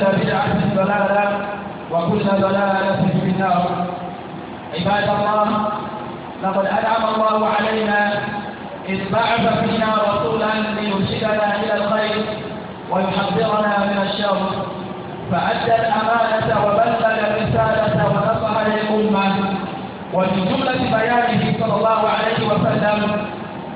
كل بدعة ضلالة وكل ضلالة في النار عباد الله لقد أنعم الله علينا إذ بعث فينا رسولا ليرشدنا إلى الخير ويحذرنا من الشر فأدى الأمانة وبلغ الرسالة ونصح للأمة ومن جملة بيانه صلى الله عليه وسلم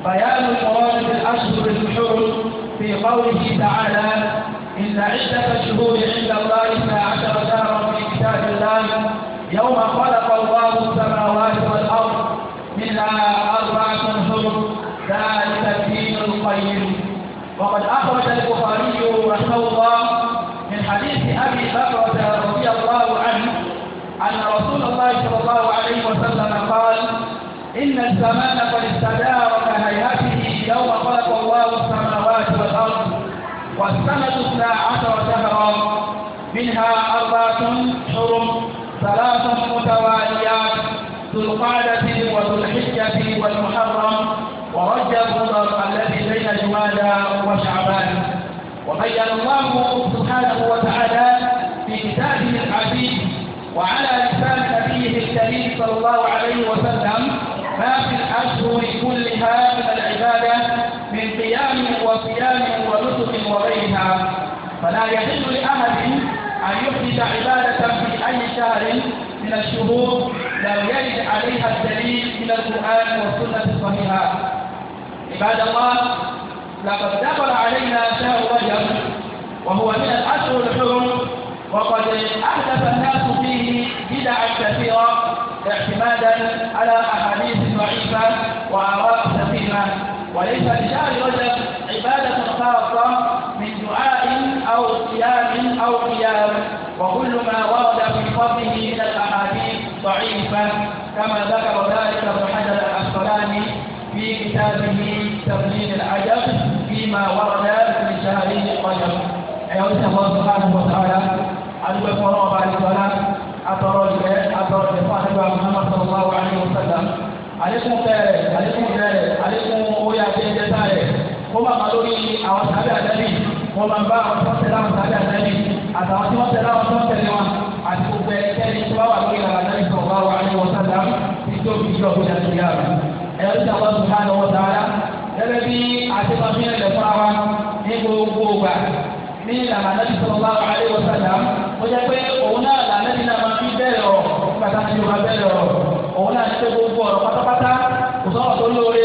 بيان المراد الأشهر الحرم في قوله تعالى إن عدة الشهور عند الله إثنى عشر شهرا في كتاب الله يوم خلق الله السماوات والأرض منها أربعة حرم ذلك الدين القيم وقد أخرج البخاري رحمه الله من حديث أبي بكر رضي الله عنه أن رسول الله صلى الله عليه وسلم قال إن الزمان قد استدار كهيئته يوم خلق الله السماوات اثنا عشر شهرا منها أربعة حرم ثلاث متواليات ذو القعدة وذو الحجة والمحرم ورجب الذي بين جمادى وشعبان وبين الله سبحانه وتعالى في كتابه العزيز وعلى لسان نبيه الكريم صلى الله عليه وسلم ما في الأشهر كلها من العبادة من قيام وصيام ونسك وغيرها فلا يحل لأحد أن يحدث عبادة في أي شهر من الشهور لو يرد عليها الدليل من القرآن والسنة الصحيحة عباد الله لقد دخل علينا شهر رجب وهو من الأشهر الحرم وقد أحدث الناس فيه بدعا كثيرة اعتمادا على أحاديث ضعيفة وآراء وليس لشهر رجب عبادة خاصة من دعاء أو صيام أو قيام وكل ما ورد في فضله من الأحاديث ضعيفة كما ذكر ذلك ابن حجر الأسقلاني في كتابه تبليغ العجب فيما ورد في شهر رجب أيها الله سبحانه وتعالى أدعو الله عليه وسلم أترى صاحب محمد صلى الله عليه وسلم àlékún fẹ́rẹ̀ àlékún fẹ́rẹ̀ àlékún orí abẹ́jẹ́ sáré kó máa ma lórí àwọn sábẹ́ àtẹ́lẹ̀ wọ́n máa bá àwọn tó tẹ̀lé àwọn sábẹ́ àtẹ́lẹ̀ àtàwọn tí wọ́n tẹ̀lé àwọn tó tẹ̀lé wọn àti gbogbo ẹnikẹ́ni tó bá wà lórí ìlànà àtẹ́lẹ̀ tó bá wà ní wọ́n sábà tí tó fi jọ òkúta ti yára ẹ̀rọ tí àwọn tó bá lọ́wọ́ sára gẹ́gẹ́ bí àtẹ́fàmíyàn lẹ̀ fún wa ní gbogbo ògbà ní ìlànà àtẹ́lẹ̀ tó bá wà ní wọ́n sábà ó òun náà ṣe gbogbo ọ̀rọ̀ pátápátá kò sọ̀rọ̀ tó lóore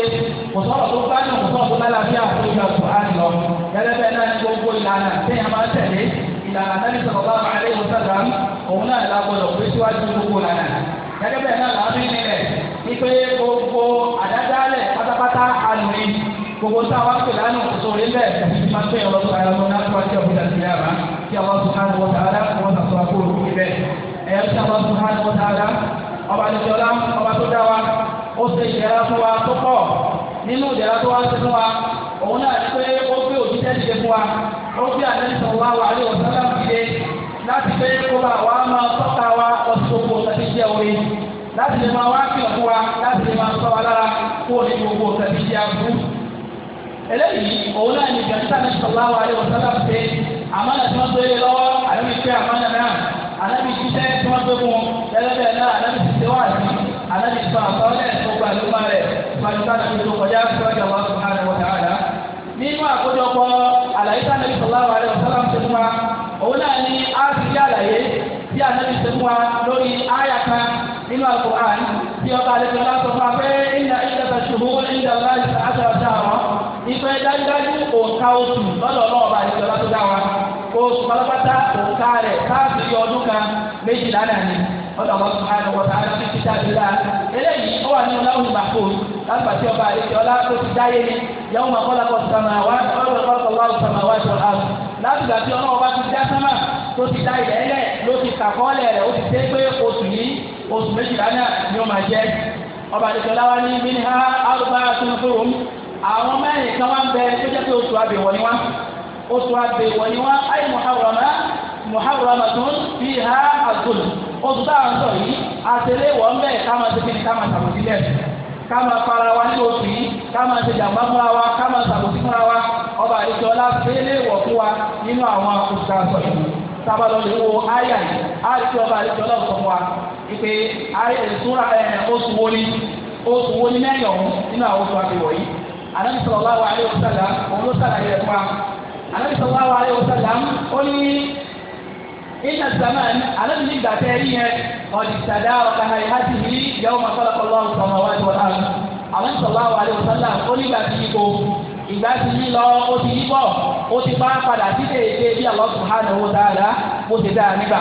kò sọ̀rọ̀ tó gbádùn kò sọ̀rọ̀ tó lálàáfíà tó gba kùránì lọ gẹ́gẹ́ bẹ́ẹ̀ náà gbogbo ìlànà téèyàn máa tẹ̀lé ìlànà tẹ́lẹ̀ sọ̀rọ̀ bá wà lẹ́yìn sàgàm òun náà la gbọdọ̀ pé síwájú gbogbo ìlànà gẹ́gẹ́ bẹ́ẹ̀ náà làwọn mímí rẹ̀ wípé gbogbo àdádálẹ̀ pátápátá àlùmí gbogbo táwa pè lánàá kò sóore bẹ́ẹ̀ máa pè ọ̀rọ̀ tó ara lọ́nà tó wá sí ọ̀gbìn àti ìyára kí àwọn sùn hàn wọ́n tààrà wọ́n tààrà kó o lókè bẹ́ẹ̀ ẹ̀yà tí àwọn sùn hàn wọ́n tààrà ọba nìjọba ọba tó dá wa ó ṣe ìdára fún wa tó pọ̀ nínú ìdára tó wá sí fún wa òun náà ní pé ó gbé òjíṣẹ́ dìde fún wa ó gbé àlẹ́sọ̀ wa wà ní ọ̀sán dìde láti pé kó bá wa máa tọ́ka wa ọtí gbogbo ọ̀sán ti jẹ́ orin láti lè máa wá kí ọ̀fún wa láti lè máa sọ wa lára kó o ní gbogbo ọ̀sán ti jẹ́ àbúrú. eléyìí òun náà ní ìgbà tí àlẹ́sọ̀ wa wà ní ọ̀sán dàbí pé àmọ́ anabi jíṣẹ́ tí wọ́n gbé fún ẹlẹ́bẹ̀ náà anabi ti tẹ́wọ́ àti anabi sọ àkọọ́lẹ̀ tó gba lóma rẹ̀ pàṣípà náà tó kọjá sọ́jà wà fún àrẹ wọ́n dáadáa. nínú àkójọpọ̀ àlàyé tí anabi sọ̀lá wà rẹ̀ ọ̀sán ti fún wa òun náà ni a ti rí àlàyé tí anabi ti fún wa lórí àyà kan nínú Al-Qur'an tí ọba àlejò náà sọ fún wa pé ìyá ìjọba ṣùgbọ́n ìjọba láti àtàwọn ìfẹ́ dájúdájú òǹkà oṣù lọ́dọ̀ ọlọ́ọ̀ba àlejò náà tó dá wa oṣù pátápátá òǹkà rẹ̀ káàkiri ọdún kan méjìlá náà ni ọ̀dọ̀ àwọn ọ̀sùn àná wọ̀tá àná fi ti dájú dáa eléyìí ó wà nínú láwùjọ bàkó lágbà tí ọba àlejò ọlá tó ti dáyé ni yẹ̀wò máa kọ́lá kọ́ sàmà wá ọ̀rọ̀ kọ́lá kọ́ sàmà wá ṣọ àrùn látìgbà tí ọlọ́wọ́ bá ti dá sámà tó ti dá ilẹ̀ ẹlẹ̀ ló ti kàkọ́ọ̀lẹ̀ rẹ̀ ó ti dé pé oṣù yìí oṣù méjìlá náà ni ó máa jẹ́ ọba àlejò ọlá wa ní mílíọ̀nù àrùbá tuntun àwọn mẹ́rin kan wá ń bẹ tó jẹ́ pé oṣù àbẹ̀wọ̀ ni wá oṣù àbẹ̀wò ni wọ́n ayé muharrama muharrama tó ń fi ha àgùn oṣù tá à ń sọ yìí àtẹlẹ́ wọ́n bẹ́ẹ̀ ká máa ṣe kíni ká máa ṣàkóso lẹ̀ ká máa para wa ní oṣù yìí ká máa ṣe jàmbá fúnra wa ká máa ṣàkóso fúnra wa ọba àdìsọ́lá fẹ́lẹ́ wọ̀ fún wa nínú àwọn oṣù tá à ń sọ yìí sábàlọ́ lè wo ayà yìí àti ọba àdìsọ́lá sọ fún wa ìpè ayà ìṣúra oṣù wo ni oṣù wo ni mẹ́rin ọ̀hún nínú àwọn oṣù àbẹ̀wò yìí àná anabi sallallahu alayhi wa sallam ó ní inna zaman anabi ní gbàtẹ́ rí yẹn ọ̀dì sàdá ọ̀ka ha ìhá ti rí yawma khalaqa Allahu samawati wal ard anabi sallallahu alayhi wa sallam ó ní gbàtí yípo ìgbà tí yí lọ ó ti yí bọ̀ ó ti bá padà sí déédé bí Allah subhanahu wa ta'ala bó ti dáa nígbà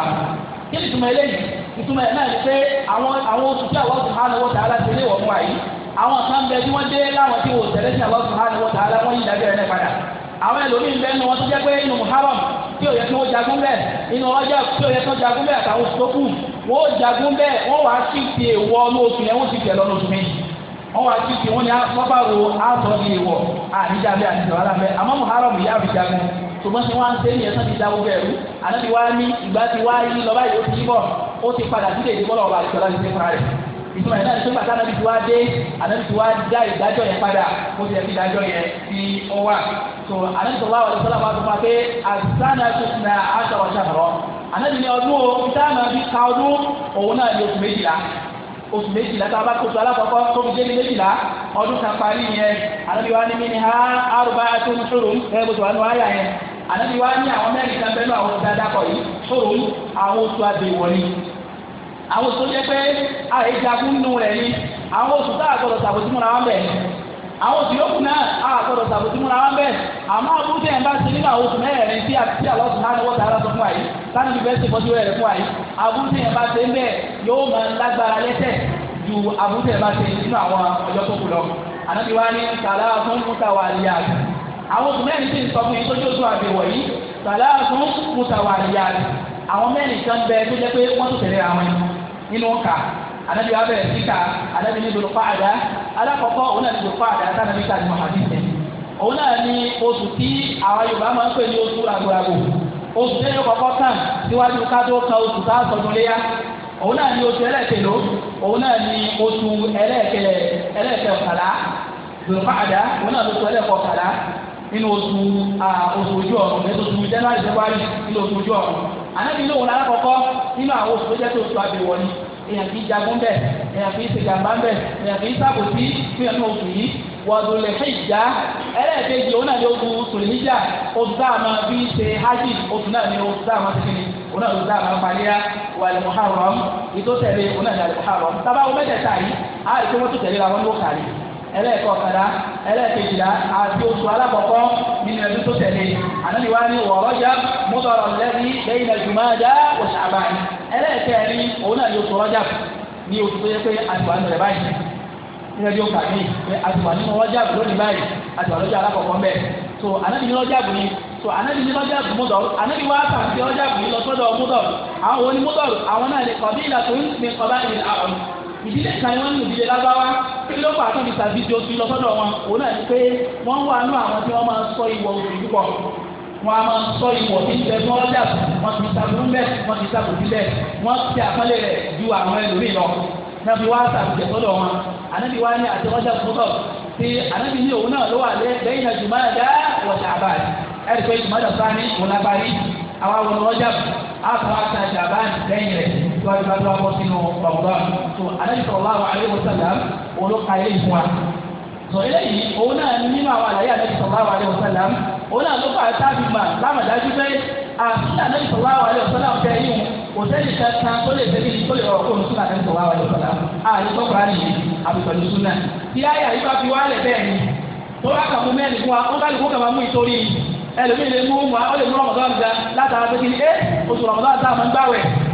kí ni ìtumọ̀ eléyìí ìtumọ̀ ẹ̀ náà ni pé àwọn àwọn oṣù tí Allah subhanahu wa ta'ala ti lé wọ̀ fún wa yìí àwọn kan bẹ tí wọ́n dé láwọn tí wò tẹ̀lé sí Allah subhanahu wa ta'ala wọ́n yí dájọ́ ẹ̀ náà padà àwọn ẹlòmíín bẹ́ẹ̀ ni wọn tó jẹ́ pé inú muharram tí ò yẹ kí wọ́n jagun bẹ inú ọjà tí ò yẹ kí jagun bẹ àtàwọn oṣù tó ó jagun bẹ wọ́n wá sí ti èèwọ̀ ní oṣù yẹn wọ́n sì tẹ̀ lọ́nà oṣù mi wọ́n wá sí ti wọ́n ní afọ́bàrò àtọ́ di èèwọ̀ àníjà bẹ́ẹ̀ àníjà wà lábẹ́ àmọ́ muharram yìí àfi jagun ṣùgbọ́n tí wọ́n á ṣe ìtumọ̀ yẹn náà ní pé anabi ti wá dé anabi ti wá dá ìdájọ́ yẹn padà kó ti yẹ kí ìdájọ́ yẹn ti ó wà tó anabi sọlá wà lọ́sọ́lá wà lọ́sọ́lá pé asana tuntun aṣọ ọ̀ṣà rọ̀ anabi ní ọdún o táàmù àbí ka ọdún òun náà ní oṣù méjìlá oṣù méjìlá tá a bá kóso alákọ̀ọ́kọ́ tó fi délé méjìlá ọdún kan parí yẹn anabi wa ní mi ni ha arúgbó àti oníṣòro ẹ bó ti wà ní wáyà yẹn anabi wa ní àwọn mẹ́rin kan bẹ́ẹ̀ ní àwọn oṣù dáadáa kọ̀ yìí ṣòro àwọn oṣù àwọn oṣù tó jẹ́ pé àìjagun nù rẹ̀ ni àwọn oṣù tá àgbọ̀dọ̀ sàbòsí múra wọn bẹ̀ àwọn oṣù yòókù náà àgbọ̀dọ̀ sàbòsí múra wọn bẹ̀ àmọ́ àbúrò tẹ̀ ń bá ṣe nínú àwọn oṣù mẹ́rẹ̀ẹ̀rin tí àti àwọn oṣù náà ni wọ́n tààrà sọ fún wa yìí sani bí bẹ́ẹ̀ ṣe fọ́jú rẹ̀ fún wa yìí àbúrò tẹ̀ ń bá ṣe ń bẹ̀ yóò máa lágbára lẹ́sẹ̀ ju àbúrò tẹ̀ ń bá ṣe nínú àwọn ọjọ́ tó kù lọ ànábi wa ní sàlá fún mùtàwàlíyà àwọn oṣù mẹ́rin sì ń sọ fún yín tó oṣù àbẹ̀wọ̀ yìí sàlá fún mùtàwàlíyà àwọn mẹ́rin kan bẹ tó jẹ́ pé wọ́n tó tẹ̀lé àwọn yìí nínú ọkà anabi wa bẹ̀rẹ̀ síkà anabi ní dòlùfà àdá alákọ̀ọ́kọ́ òun náà ní dòlùfà àdá sanabi ká ní muhammed sẹ́n òun náà ní oṣù tí àwọn yorùbá máa ń pè ní oṣù àgbòràgbò oṣù tẹ́lẹ̀ kọ̀ọ̀kọ́ tán síwájú ká tó kan oṣù tá a sọdún léyà òun náà ní oṣù ẹlẹ́ẹ̀kẹ̀ló òun náà ní oṣù ẹlẹ́ẹ̀kẹ̀ ẹlẹ́ẹ̀kẹ̀ọ̀kàlá dòlùfà àdá òun náà lóṣù ẹlẹ́ẹ̀kọ̀ọ̀kàlá nínú oṣù oṣù ojú ọ̀run nínú oṣù oṣù ojú ọ̀run ànábi ló wọn alákọ̀ọ́kọ́ nínú àwọn oṣù tó jẹ́ tó oṣù àbẹ̀wọ̀ ni èèyàn kì í jagun bẹ́ẹ̀ èèyàn kì í ṣe jàmbá bẹ́ẹ̀ èèyàn kì í ṣàbòsí fún ẹnu oṣù yìí wọ́dúnlẹ̀ ìjà ẹlẹ́ẹ̀kejì òun náà ni oṣù tòlíjà oṣù tá a máa fi ṣe hajj oṣù náà ni oṣù tá a máa ṣe kíni òun náà ni oṣù tá a máa paríyá wà ní muharram ìtòtẹ̀lé òun náà ni àlè muharram tábà wọ́n mẹ́tẹ̀ẹ̀ta yìí á rí i pé wọ́n tó tẹ̀lé ra wọn ló kàrí ẹlẹ́ẹ̀kọkànlá ẹlẹ́ẹ̀kejìlá àti oṣù alákọ̀ọ́kọ́ nínú ẹdún tó tẹ̀lé ànáni wá ní wọ̀rọ́jà mọ́tọ́rọ̀ lẹ́ni lẹ́yìn ẹ̀dùnmáàjá oṣù àbáyé ẹlẹ́ẹ̀kẹ́rin òun náà ní oṣù rọ́jà ní oṣù tó yẹ pé àtìwá nù rẹ̀ báyìí nígbà tí ó kà mí pé àtìwá nínú rọ́jà lónìí báyìí àtìwá lọ́jà alákọ̀ọ́kọ́ mbẹ́ so ànáni ní rọ́jà bù ní so ànábi ní lọ́jà mudọ̀ ànábi wá sàǹtì ọjà bù ní lọ́sọ́dọ̀ mudọ̀ àwọn onímudọ̀ àwọn náà ní kọ̀bí ìlà tó ń pin kọ́bá ìlà àwọn ìdílé kan ni wọ́n ní ìdílé lágbáwá kí ló fà á tán fi sàbíjì oṣù lọ sọ́dọ̀ wọn òun náà ni pé wọ́n wà nú àwọn tí wọ́n máa ń sọ ìwọ̀ òbí púpọ̀ wọ́n á máa ń sọ ìwọ̀ tí ń bẹ fún ọ́dà wọ́n ti sàbùrú bẹ́ẹ̀ wọ́n ti sàbùrú bẹ́ẹ̀ wọ́n ti àpọ́nlé rẹ̀ ju àwọn ẹlòmíì lọ nàbí wá sàbíjì sọ́dọ̀ wọn ànábi wá ní àti ọ́dà púpọ̀ tí ànábi ní òun náà ló wà lẹ́yìn náà jùmọ́dá wọ̀ṣà àbáyé ẹ̀rí pé jùmọ́dá sáni òun lágbárí àwọn àwọn ọjà àtàwọn àtàjà àbáyé lẹ́yìn rẹ̀ síwájú bá tó wọ́n sínú ọ̀gbọ́n tó alẹ́ sọ̀rọ̀ wá wà lẹ́wọ̀ sàlám òun ló ka ilé ìfún wa. sọ eléyìí òun náà nínú àwọn àlàyé alẹ́ sọ̀rọ̀ wá lẹ́wọ̀ sàlám òun náà ló fà á tábì mà lámàdájú pé àfihàn alẹ́ sọ̀rọ̀ wá lẹ́wọ̀ sàlám fẹ́ yín kò sẹ́ni kankan tó lè ṣe kíni tó lè rọrùn fóònù súnà alẹ́ sọ̀rọ̀ wá lẹ́wọ̀ sàlám àti tọ́kùnrin nìyí àbí pẹ̀lú súnà tí àyà yìí bá fi wálẹ̀ bẹ́ẹ̀ ni tó bá kà mú mẹ́rin fún wa ó bá lè fún kàmá mú ìtorí ẹlòmíì lè mú ọmọ ọlẹ́mú ọmọdé ọ̀gá látara pé kí ni ẹ oṣù ọmọdé ọ̀gá máa ń gbáwẹ̀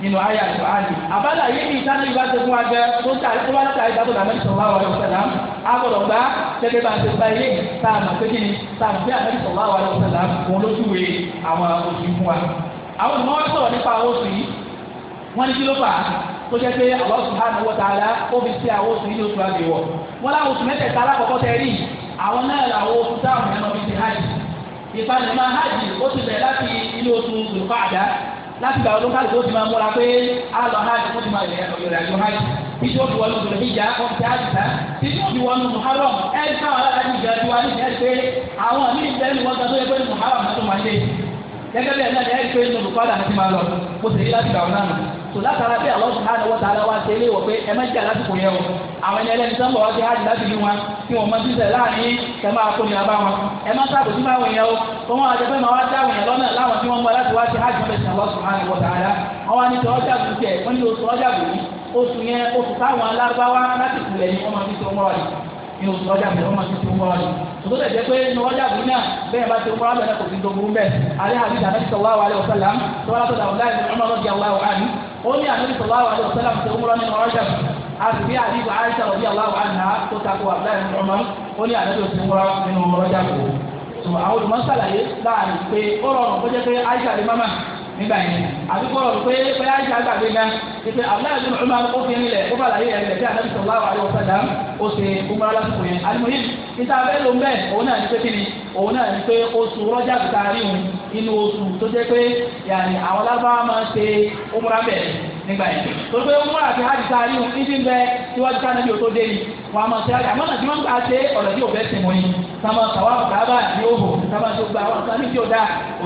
nínú ayé àti àlè àbálà yìí ní ìtàn yìí bá ti fún wa jẹ tó ń ta tó bá ń ta ìdájọ́ náà mẹ́rin sọ̀rọ̀ àwọn ọ̀sẹ̀ náà a gbọ́dọ̀ gbá gẹ́gẹ́ bá ti gba tá a mọ̀ pé kí ni tá a fi àmẹ́rin sọ̀rọ̀ àwọn ọ̀sẹ̀ náà wọn ló júwe àwọn oṣù fún wa. àwọn ìmọ̀ wọn sọ̀rọ̀ nípa àwọn oṣù yìí wọ́n ní kí ló fà á tó jẹ́ pé Allah subhanahu wa ta'ala ó fi ṣe àwọn oṣù yìí oṣù àgbèwọ̀ wọ́n láwọn oṣù mẹ́tẹ̀ẹ̀ta alákọ̀ọ́kọ́ tẹ rí àwọn náà làwọn oṣù táwọn ẹ̀rọ fi ti hajj ìpanimọ̀ hajj láti gbà ọdún káàdì tó ti máa múra pé alọ hajj tó ti máa yẹ ọ̀yọ̀rẹ̀ àjọ hajj títí ó fi wọnú ìgbìlẹ̀ níjà wọn fi hajj tán títí ó fi wọnú muharram ẹni káwọn aláàjì ìjọba ti wá ní ìjẹ́ pé àwọn àmì ìjẹ́ ni wọ́n gbà tó yẹ pé muharram tó máa ṣe gẹ́gẹ́ bí ẹ̀dá ni ẹ̀rí pé nínú bùkọ́dà àti máa lọ mo sì rí láti gbà wọn náà tó látara bí Allah subhanahu wa ta'ala wá ṣe ilé wọ̀ pé ẹ má jà lásìkò yẹn o àwọn ẹni ẹlẹ́ni sọ́nbọ̀ wá sí hajj láti ní wọn kí wọ́n máa dísẹ̀ láàrin ẹ máa kó ní abá wọn ẹ má sábò sí máa wọ̀nyẹn o kó wọn àti ẹgbẹ́ máa wá dá wọ̀nyẹn lọ́nà láwọn tí wọ́n mú láti wá sí hajj bẹ̀sẹ̀ Allah subhanahu wa ta'ala wọn wá ní tọ́jà bù tẹ̀ wọ́n ní oṣù ọjà bù yìí oṣù yẹn oṣù táwọn alárúbáwá láti kù lẹ́yìn ní oṣù ọjà bẹ̀rẹ̀ wọn ti tó wọ́n rí tòtò lè jẹ́ pé ní ọjà bí náà bẹ́ẹ̀ bá ti wọ́n bẹ̀rẹ̀ kò sí dogun bẹ́ẹ̀ alẹ́ àbí dàbẹ́ ti sọ̀wá wàlẹ́ ọ̀sálàm tọ́wọ́lá tó dàwọ́ láì ọmọ ọlọ́dì àwọn àwọn àmì ó ní àbí sọ̀wá wàlẹ́ ọ̀sálàm tó ń rán nínú ọjà àbí àbí àìsà ọ̀bí àwọn àná tó takò àbúláì ọmọ ó ní nígbà yẹn àdúgbò rẹ̀ pé pé àyíṣà gbàgbé gan ìpè abdullahi bin umar ó fi rinlẹ̀ ó bàlá yẹ ẹ̀rẹ̀ bí anabi sallallahu alaihi wasallam ó ṣe umar lásìkò yẹn alimuyi níta abẹ́ ló ń bẹ̀ òun náà ní pé kíni òun náà ní pé oṣù rọ́jà kàrí òun inú oṣù tó jẹ́ pé yàrá àwọn lábáwá máa ń ṣe umar bẹ̀rẹ̀ nígbà yẹn tó pé umar àti hajj kàrí òun ní ti ń bẹ síwájú kánábì ò tó dé yìí wọn a máa ṣe àgbà mọ́nà tí wọ́n gbà ṣe ọ̀nà tí ò bẹ́ sìn wọ́n yìí sábà sàwọn àgbà bá yóò hò sábà tó gba àwọn sábà tí òun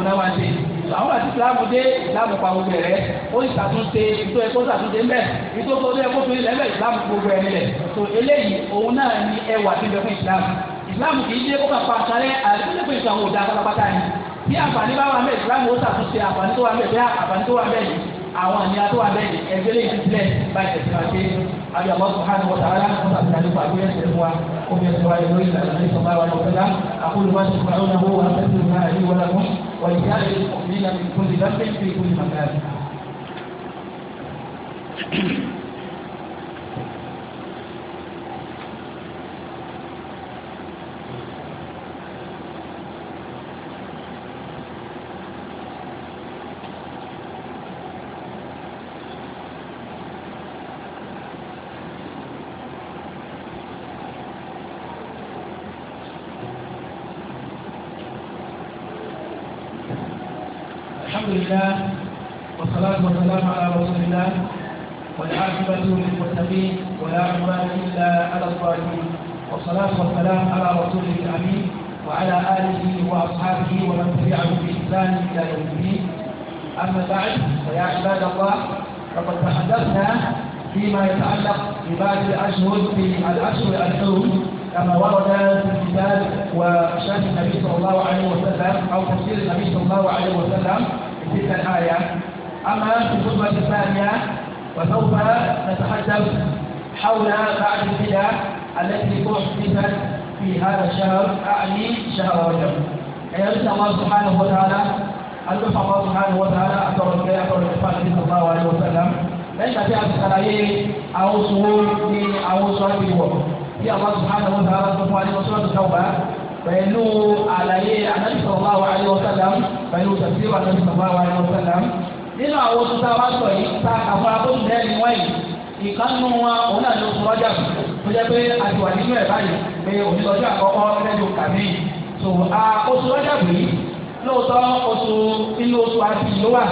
náà wá ṣe àwọn àti ìsìlámù dé ìsìlámù pa gbogbo rẹ ó ìsàtúnṣe ìtò ẹ̀kọ́ ìsàtúnṣe ńbẹ ìtò tó dé ẹ̀kọ́ tó ilẹ̀ ńbẹ ìsìlámù gbogbo ẹ̀ nílẹ̀ tó eléyìí òun náà ní ẹwà tí ń bẹ fún ìsìlámù ìsìlámù kì í dé kó kàpá àkàrẹ́ àti ó lè pèsè àwọn òdà pátápátá ni bí àǹfààní bá wà mẹ́ ìsìlámù ó ṣàtúnṣe àǹfààní tó wà mẹ́ bẹ́ẹ̀ àǹfààní tó wà mẹ́ yìí àwọn àníyá tó wà mẹ́ yìí ẹgbẹ́ lè ti tilẹ̀ báyìí ẹ̀sìn àti àbí àwọn sùhánù wọ́n tààrà wọ́n tààrà nípa àgbéyẹ̀ ṣẹ̀ fún wa ó fi ẹ̀sìn wa ìlú ìlànà ìsọ̀bá wa lọ́sọ̀dá àkóyè wa ti fún àwọn ọmọ wa fẹ́ẹ́ ولسائر المؤمنين من كل ذنب في كل مكان والصلاة والسلام على رسوله الأمين وعلى آله وأصحابه ومن تبعهم بإحسان إلى يوم الدين أما بعد فيا عباد الله فقد تحدثنا فيما يتعلق ببعض الأشهر في الأشهر الحرم كما ورد في الكتاب وشهد النبي صلى الله عليه وسلم أو تفسير النبي صلى الله عليه وسلم في تلك الآية أما في الخطبة الثانية وسوف نتحدث حول بعد البدع التي أحدثت في هذا الشهر أعني شهر رجب أيضا الله سبحانه وتعالى alóòfà máa ń hàn wọ́n sára àtọ̀rọ̀ ìgbẹ́ àtọ̀rọ̀ ìfà àti ìsọ̀tà wà ní ọ̀sẹ̀lá. lẹ́yìn àti àtàlàyé àwọn oṣù wo ni àwọn oṣù àti ìwọ̀ bí àwọn oṣù hàn wọ́n sára tó fún wa ní oṣù ọ̀sẹ̀ náà wá pẹ̀lú àlàyé anábìsọ̀tà wà ní ọ̀sẹ̀lá pẹ̀lú tẹ̀sí wà anábìsọ̀tà wà ní ọ̀sẹ̀lá. nínú àwọn oṣù tá a wá sọ yìí tá a kà fún tó jẹ́ pé a ti wà nínú ẹ̀ báyìí pé onídọ́jú àkọ́kọ́ lẹ́nu kàmí tó a oṣù lọ́jàgbé yìí lóòótọ́ oṣù inú oṣù àti ìlú wà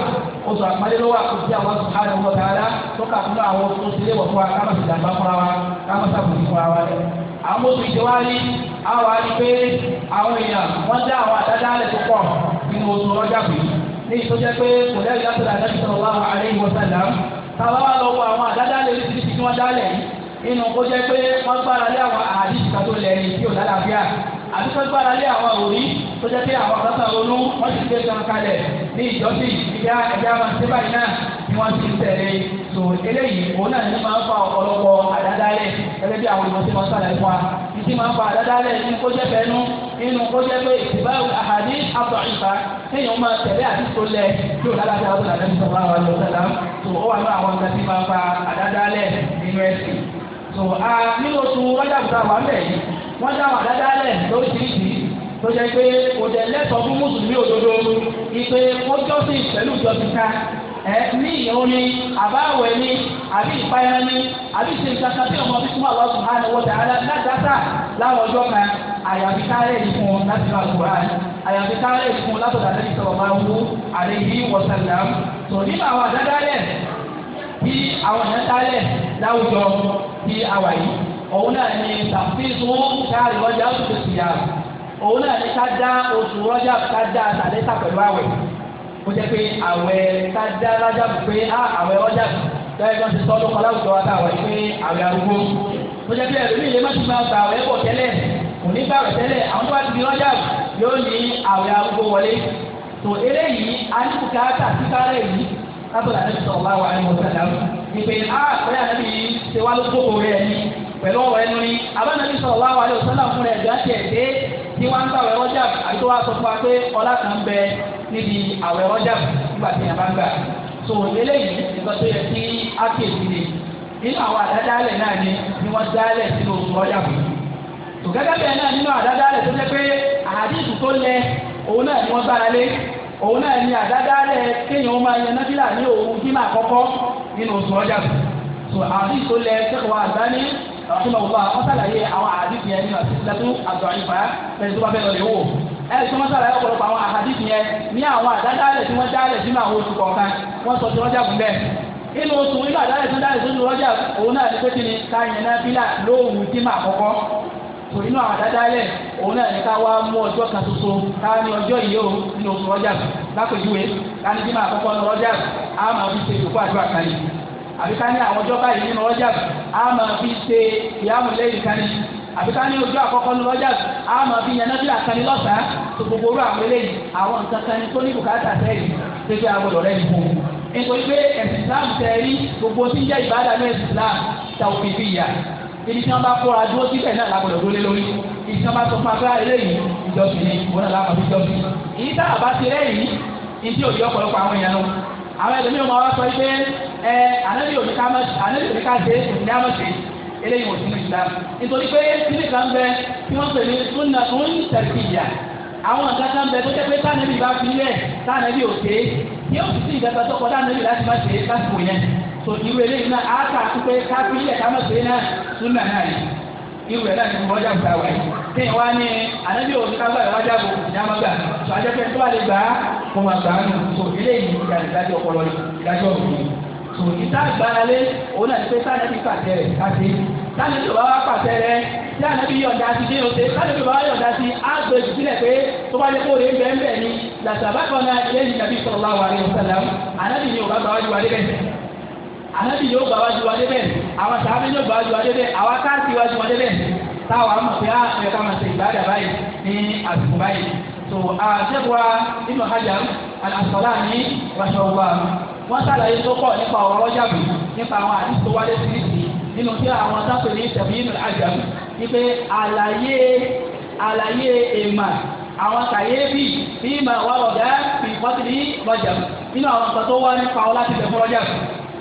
oṣù àpáyé ló wà kò sí àwọn sùkárẹ̀ wọn tààrà tó kà fún àwọn oṣù tó lè wọ̀ fún wa káma sì dàgbà fúnra wa káma sàbòsí fúnra wa rẹ̀. àwọn oṣù ìṣèwárí àwọn àti pé àwọn èèyàn wọ́n dá àwọn àdáda rẹ̀ tó pọ̀ nínú oṣù lọ́jàgbé ní ìtọ́jẹ́ pé kò lẹ́yìn látọ̀dá nínú kó jẹ́ pé wọ́n gbára lé àwọn àdìsí kan tó lẹ́ni tí ò lálàáfíà àti wọ́n gbára lé àwọn òrí tó jẹ́ pé àwọn àkàtà ronú wọ́n ti gbé kan kalẹ̀ ní ìjọsìn ìyá ẹ̀yà máa ṣe báyìí náà ni wọ́n ti ń tẹ̀lé tó eléyìí òun náà ní máa ń fa ọ̀pọ̀lọpọ̀ àdádálẹ̀ gẹ́gẹ́ bí àwọn ìmọ̀ tí wọ́n sàlẹ̀ fún wa ìdí máa ń fa àdádálẹ̀ nínú kó jẹ́ fẹ́nu nínú kó jẹ́ pé ìtìbá àhàdí àtọ̀ ìfà kéèyàn máa tẹ̀lé àti tó lẹ̀ yóò lálàáfíà ó lálàáfíà sọ̀rọ̀ àwọn àlọ́ sẹ́lá tó ó wà ní àwọn ìgbà tí máa ń fa so nínú oṣù rájàbùtà wà ń bẹ̀ yìí wọ́n dá àwọn àdáda lẹ̀ lóríṣiríṣi tó jẹ́ pé kò jẹ́ lẹ́tọ̀ọ́ fún mùsùlùmí òdodo ipe ó jọ́sìn pẹ̀lú ìjọsìn ká ẹ ní ìyẹ̀wò ni àbáwẹ̀ ni àbí ìpayà ni àbí ìṣe ìṣàkà tí ọmọ bíi Allah subhanahu wa ta'ala ládàáta láwọn ọjọ́ kan àyàfi káàrẹ̀ yìí fún un láti máa gbọ́ àná àyàfi káàrẹ̀ yìí fún un látọ̀dà lẹ́yìn sọ̀rọ̀ máa wú àlẹ́ yìí wọ̀ sàlám tò nínú àwọn àdádálẹ̀ bí àwọn ìyẹn dálẹ̀ láwùjọ tí a wà yìí òun náà ni tàfíìsù káàrí rọ́jà oṣù tó yà òun náà ni ká dá oṣù rọ́jà ká dá àtàlẹ́sà pẹ̀lú àwẹ̀ kó jẹ́ pé àwẹ̀ ká dá rájà pé á ah, àwẹ̀ rọ́jà lọ́yẹ̀ kan ti sọ́dún kan láwùjọ wa táwọn ìpè àwẹ̀ arúgbó kó jẹ́ pé ẹ̀rọ ilé má ti máa gba àwẹ̀ pọ̀ tẹ́lẹ̀ kò ní gba tẹ́lẹ̀ àwọn tó bá ti di rọ́jà yóò ní àwẹ̀ arúgbó wọlé tó eléyìí alùpùpù káàtà síkárẹ̀ yìí lábọ̀ làdé sọ̀rọ̀ báwa ìpè àpẹẹrẹ àdàbí yìí ṣe wá lójókòó rẹ ni pẹ̀lú ọ̀rọ̀ ẹnu ni abánabi sọ̀rọ̀ wá wàlẹ̀ òsánà fún rẹ̀ ìgbà tiẹ̀ dé tí wọ́n ń gbà wẹ̀ rọ́jà àti tó wá sọ fún wa pé ọlá kan bẹ níbi àwẹ̀ rọ́jà nígbà tí yàrá ń gbà so eléyìí nǹkan tó yẹ kí á kéèsì ni nínú àwọn àdádálẹ̀ náà ni ni wọ́n dálẹ̀ sínú oṣù rọ́jà fún tò gẹ́gẹ́ bẹ́ẹ̀ náà nínú àdádálẹ̀ tó jẹ́ pé àdìsù tó lẹ òun náà ni wọ́n gbára lé òun náà ni àdádálẹ̀ kéèyàn máa yan nábìlà ní òru jímà àkọ́kọ́ nínú oṣù ọjà tó àbí tó lẹ sẹ́kọ̀ọ́ àgbá ní àtúmọ̀wá wọ́n sàlàyé àwọn àdìsí yẹn nínú àtìsílẹ́tù àgbà ìfà pẹ̀lú tó bá fẹ́ lọ lè wò ẹ sọ wọn sàlàyé ọ̀pọ̀lọpọ̀ àwọn àdìsí yẹn ní àwọn àdádálẹ̀ tí wọ́n dálẹ̀ sínú àwọn oṣù kọ̀ọ̀kan wọ́n sọ tí wọ́n jà gúnbẹ̀ inú oṣù nígbà dálẹ̀ tó dálẹ̀ sínú ọjà òun náà ní pé kí ni ká yẹn nábìlà lóòrùn jímà àkọ́kọ́ tò nínú àwọn àdádálẹ̀ òun náà ní ká wá mú ọjọ́ kan tuntun ká ní ọjọ́ yìí ó nínú oṣù rọ́jà lápèjúwe ká ní bímọ àkọ́kọ́ nínú rọ́jà á máa fi ṣe ìdókòwò àdúrà kan ní àbí ká ní àwọn ọjọ́ báyìí nínú rọ́jà á máa fi ṣe ìyáàmù lẹ́yìn kan ní àbí ká ní ojú àkọ́kọ́ ní rọ́jà á máa fi yanájú àkànní lọ́sàn-án tó gbogbo orú àwọn eléyìí àwọn nǹkan kan ní tó ní bùkátà sẹ́yìn tó nítorí pé ẹ̀sìn Islam tẹ̀rí gbogbo tí ń jẹ́ ìbádàá ní ẹ̀sìn Islam tàwọn òfin fi yà ibi tí wọ́n bá kóra dúró síbẹ̀ náà lágbọ̀dọ̀ dúró lé lórí ibi tí wọ́n bá sọ fún agbára ah, eléyìí ìjọsìn ni ìwọ náà lágbàdo ìjọsìn ìyí tá a bá ti rẹ́yìn ní tí òbí ọ̀pọ̀lọpọ̀ àwọn èèyàn lọ àwọn ẹlòmíràn máa wá sọ pé ẹ ànábì òní ká ṣe òní ká ṣe eléyìí wò sínú ìlà nítorí pé sínú ìlà ń bẹ tí wọ́n pè ní súnà tó ń tẹ̀sí ìyà àwọn nǹkan bẹ tó jẹ́ pé tánàbì bá fi lẹ̀ tánàbì ò ṣe é yóò sì sí ìdàgbàsókò tánàbì láti má ṣe é lásìkò yẹn so irú eléyìí náà á kà sí pé káfíńlẹ̀ ká mọ̀ sí náà súnà náà yìí irú ẹ̀ náà ni mo wájà gbà wáyé kí ni wá ní ànábì òní ká gbà wájà bò ìyáma gbà tó ajẹ́ pé tó wà lè gbà á mo máa gbà á nù so eléyìí ìyá ìdájọ́ ọpọlọ ìdájọ́ òní so ìta gbáralé òun náà ni pé sáà nẹ́bí pàtẹ rẹ̀ káfí sáà nẹ́bí bàbá wa pàtẹ rẹ̀ tí ànábì yọ̀ǹda sí dé òde sáà nẹ́bí bàbá yọ̀ǹda sí àgbè ìdílé pé tó bá yẹ kó rè é bẹ́ẹ̀ bẹ́ẹ̀ ni làtàbá kan náà ilé ìjàmbí sọ̀rọ̀ láwàárí ọ̀sán làwọn ànábì ni ò bá gbà wájú wa débẹ̀ ànábì yóò gbà wájú wa débẹ̀ àwọn sàábì yóò gbà wájú wa débẹ̀ àwa káàsì wájú wa débẹ̀ táwa mọ̀ pé ah, ẹ̀ka máa ṣe ìgbàdà báyìí ní àsìkò báyìí tó àtẹ́kùwa nínú Hajar al-Asqalani wàṣọ̀wà wọ́n sàlàyé tó pọ̀ nípa ọ̀rọ̀ Rajab nípa àwọn àdìsí tó wálé sí nínú tí àwọn sáfè ní tẹ̀mínú Hajar ní pé àlàyé àlàyé èèmà àwọn kàyéfì bí màá wà ọ̀gá fi pọ́tìlì Rajab nínú àwọn nǹkan tó wá nípa ọlá ti tẹ̀ fún Rajab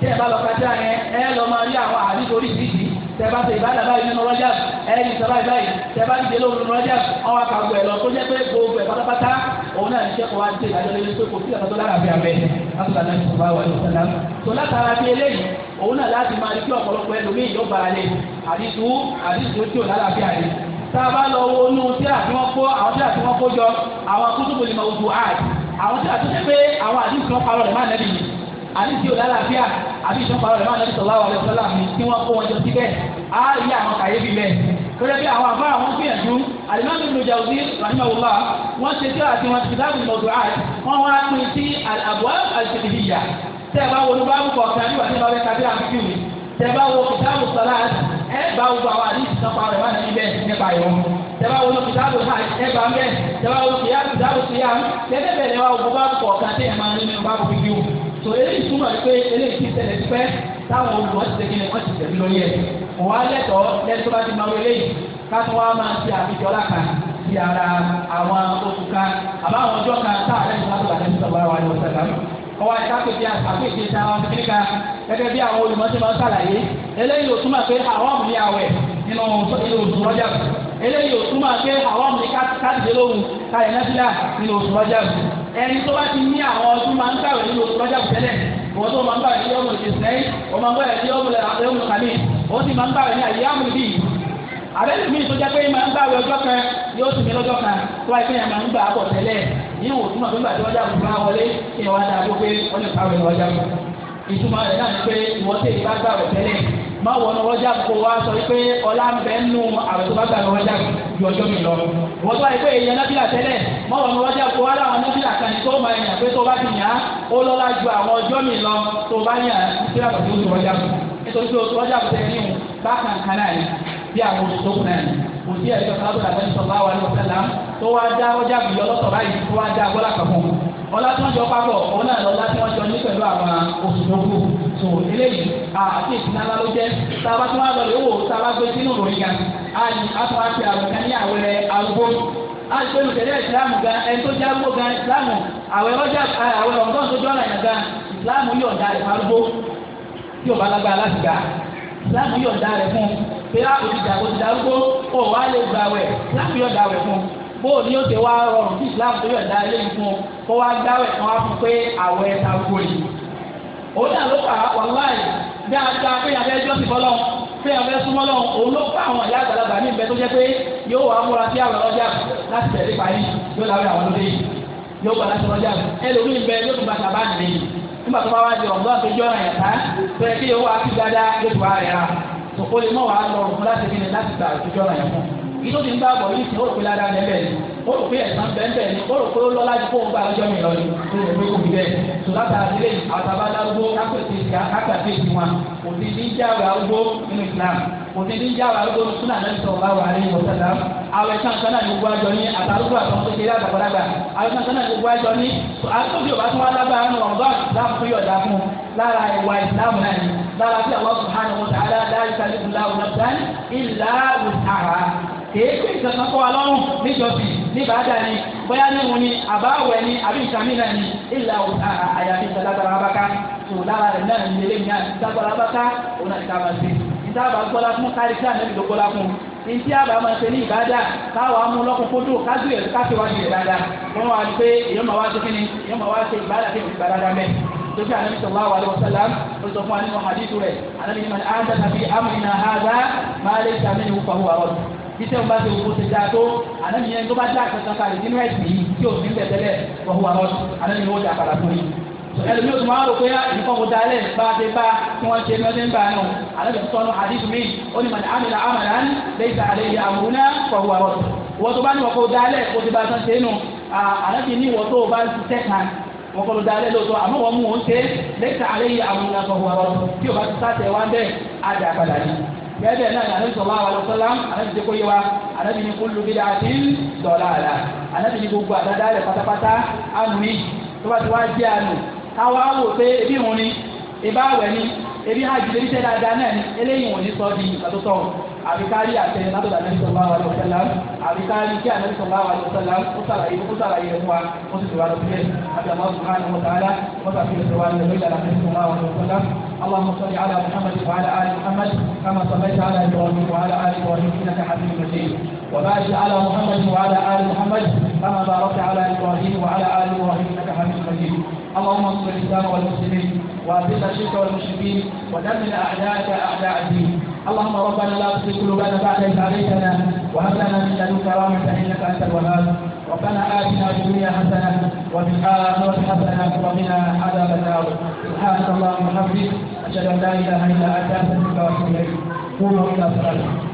tí ẹ bá lọ kájá yẹn ẹ lọ máa rí àwọn àdìsí oríṣiríṣi tẹ bá ṣe ìbádà báyìí nínú rọjà ẹ ní sábà báyìí tẹ bá dìde lóru nínú rọjà ọwọ́ àkàgbọ ẹ lọ tó jẹ pé gbogbo ẹ pátápátá òun náà ní sẹkọọ àti ìdájọ́ lórí pé kò sí ìdájọ́ lára àbí abẹ asọlá náà sọlá wà ní sọlá tó látara bí eléyìí òun náà láti máa rí kí ọ̀pọ̀lọpọ̀ ẹlòmíì yóò bá àbí tí o lálàáfíà àbí ìṣọ́nfà rẹ̀ máa lẹ́nu sọ̀lá wàlẹ̀ sọ́lá mi tí wọ́n kó wọn jọ síbẹ̀ á yí àwọn kàyéfì bẹ́ẹ̀. lórí bí àwọn àbá àwọn gbìyànjú alimami nujawzi rahimahullah wọn ṣe tí àti wọn ti dábìlì mọ̀tò àt wọn wá pín sí àbúrò àtìlìyà tẹ́ ẹ bá wọnú báàbù kọ̀ọ̀kan nígbà tí wọn bẹ kábí àfikún mi tẹ́ ẹ bá wọ kìtàbù sọ̀lá ẹ bá wọ àwọn àdìsí sọ́kọ̀ rẹ̀ máa níbẹ̀ nípa ìwọ̀n tẹ́lá wo tò eléyìí túmọ̀ pé eléyìí ti tẹ̀lé pẹ́ táwọn olùwọ́n ti tẹ̀lé wọ́n ti tẹ̀lé lórí ẹ̀ ọ̀wá lẹ́tọ̀ọ́ lẹ́tọ́ bá ti máa wọlé yìí káàtó wa máa ti àfijọ́ láka ti ara àwọn oṣù kan àbáwọn ọjọ́ kan táà lẹ́yìn tó bá lẹ́yìn tó bá wà lọ́wọ́ sẹ́lá ọwọ́ ìtàkùn bí àpèjì táwọn kíníkà gẹ́gẹ́ bí àwọn olùmọ̀ọ́sí máa ń sàlàyé eléyìí ló túmọ̀ pé àwọn ọ̀mùnì àwẹ̀ nínú oṣù rọ́jà eléyìí ló túmọ̀ pé àwọn ọ̀mùnì káàdìdélóhùn káyọ̀ náà nínú oṣù rọ́jà ẹni tó bá ti ní àwọn ọdún máa ń kàwé nínú oṣù lọ́jà tẹ́lẹ̀ wọ́n tó máa ń kàwé ní ọmọ ìṣẹ̀lẹ̀ wọ́n máa ń kàwé ní ọmọ ìṣẹ̀lẹ̀ kàmí ó sì máa ń kàwé ní àyè àmúlùbí àbẹ́lẹ̀ mi tó jẹ́ pé máa ń gbàwé ọjọ́ kan yóò tún mi lọ́jọ́ kan tó wáyé pé máa ń gbà á bọ̀ tẹ́lẹ̀ yín wò túmọ̀ nígbà tí ọjà kùnà wọlé náà ni pé má wọ ní rọ́jà kó wá sọ wípé ọlá ń bẹ nù àwọn tó bá gbà rọ́jà ju ọjọ́ mi lọ. wọ́n tó wá pé èèyàn nábìlà tẹ́lẹ̀ má wọ ní rọ́jà kó wá láwọn nábìlà kan tó máa yàn pé tó bá ti yàn á ó lọ́la ju àwọn ọjọ́ mi lọ tó bá yàn sí àwọn tó ń rọ́jà kó. nítorí pé oṣù rọ́jà kó tẹ̀ ní ìhùn bákan kan náà ni bí àwọn oṣù tó kù náà ni kò sí ẹ̀jọ̀ sábà tó wà tó eléyìí àti ìsinala ló jẹ́ sábà tó wà lọ́lẹ̀ wò sábà gbé sínú ìròyìn kan àyè àtúwà ti àwùjá ní àwẹ̀rẹ̀ arúgbó àti olùtẹ̀lẹ̀ ìsìlámù gan ẹni tó jẹ́ arúgbó gan ìsìlámù àwẹ̀ ọjà àwẹ̀ ọ̀dọ́ tó jọ́ ọ̀nà gan ìsìlámù yọ̀ǹda rẹ̀ arúgbó tí ò bá lágbára láti gbà ìsìlámù yọ̀ǹda rẹ̀ fún pé ah, àbòjìjà wa rọrùn òun náà ló fà á wàláì dáadáa pé abẹ́ ẹjọ́ ti bọ́lọ́ pé abẹ́ súnmọ́ lọ òun ló fà àwọn ìyá àgbàlagbà ní ìbẹ́ tó jẹ́ pé yóò wá múra sí àwọn ọjà láti tẹ̀lé parí yóò láwé àwọn ọdún yìí yóò gbà láti ọjà ẹlòmíì ń bẹ yóò tún bá sábà nìyí nígbà tó bá wá di ọ̀gbọ́n tó jọ́ ọ̀ràn yàtá kí yóò wá sí dáadáa yìí tó ti ń gbà bọ̀ yìí ó rò pé ládàá bẹ́ẹ̀ bẹ́ẹ̀ ni ó rò pé ẹ̀sán bẹ́ẹ̀ bẹ́ẹ̀ ni ó rò pé ó lọ́lá ju fóun gbà lọ́jọ́ mi lọ ni ó pé kò fi bẹ́ẹ̀ tó láta ilé àtàbà darúgbó kápẹ́tì wọn kò ti ní jáwé arúgbó nínú Islam kò ti ní jáwé arúgbó nínú súnà náà sọ̀rọ̀ báwa ní ìwọ̀sẹ̀dá àwọn ẹ̀sán kan ní gbogbo àjọ ní àtàrúgbó àtàwọn tó kéré àtàkọ́dàgbà àwọn ẹ̀sán kan náà ní gbogbo ní àtúntò bá tún wá lágbára nù ọ̀gbọ́n Islam fún yọ̀dá àwọn sùhánù kèé pé ìtàn kọ́ wa lọ́rùn níjọsìn níbàdà ni bóyá níhun ni àbáwẹ̀ ni àbí ìsàmì náà ni ìlà àyàfi ìsàlágbára abáká tó lára rẹ̀ náà ní ilé ìyá ìsàlágbára abáká òun náà ìta máa ṣe ìta bá gbọ́lá fún kárí sí àná ìlú gbọ́lá fún ntí àbá máa ṣe ní ìbádà káwa mú lọ́kùnkúndùn kájú ẹ̀ káfíwájú ẹ̀ wọ́n wá pé èèyàn máa wá ṣe kí èèyàn máa wá ṣe ìbádà nítorí àná bísí ọlọ́wà alẹ́ wọ́sálà lọ́sọ̀ fún anínú hadith rẹ̀ anábì nímọ̀ ájá tàbí amúnà ájá máa lè sàmì ní wúfà wúwa rọ̀dù bí sẹ́wọ́n bá ṣe òkú ṣe dáa tó anábì yẹn tó bá dá kankan kárí nínú ẹ̀sìn yìí tí ò ní bẹ̀tẹ̀lẹ̀ wọ́húwa rọ̀dù anábì ni ó dà padà fún yìí ẹlòmíì tó máa ń rò pé nǹkan kò dalẹ̀ bá a ti bá kí wọ́n ṣe lọ́dẹ́ ń bá nù alábẹ̀ ah, mi ní wọ́n tó bá ń ṣiṣẹ́ kan wọn kọ́ ló da alẹ́ lóòótọ́ àmọ́ wọn mú wọn ṣe lẹ́tà alẹ́ yìí àwọn ọmọ ọmọ ọmọ tí o bá ti sáà tẹ̀ wá bẹ́ẹ̀ á dà padà ní. bẹ́ẹ̀ náà ni anabi sọ̀rọ̀ àwọn ọ̀sọ́lá anabi ti kó yé wa anabi ni kúlù bí dáa ti ń dọ̀la àlà anabi ni gbogbo àdáda rẹ̀ pátápátá ànú ni tó bá ti wá jẹ́ ànú káwá wò pé ebi ìhun ni ìbáwẹ̀ ni ebi hajj lè ṣe dáadáa náà ni eléyìí wọ́n ní sọ di ìgbàdótọ́ àbíkárí àtẹ látọ̀dọ̀ ànábì sallallahu alaihi wasallam àbíkárí kí ànábì sallallahu alaihi wasallam ó sàlàyé ó sàlàyé ẹ̀ fún wa ó sì tìwá lọ sílẹ̀ àti àwọn subhanahu wa ta'ala wọ́n sàfihàn tìwá lọ lórí ànábì sallallahu alaihi wasallam اللهم صل على محمد وعلى ال محمد كما صليت على ابراهيم وعلى ال ابراهيم انك حميد مجيد وبارك على محمد وعلى ال محمد كما باركت على ابراهيم وعلى ال ابراهيم انك حميد مجيد اللهم انصر الاسلام والمسلمين وأذل الشرك والمشركين ودمر أعداءك أعداء الدين اللهم ربنا لا تزغ قلوبنا بعد إذ هديتنا وهب لنا من لدنك رحمة إنك أنت الوهاب ربنا آتنا في الدنيا حسنة وفي الآخرة حسنة وقنا عذاب النار سبحانك اللهم وبحمدك أشهد أن لا إله إلا أنت أستغفرك وأتوب إليك قولوا إلى صلاتكم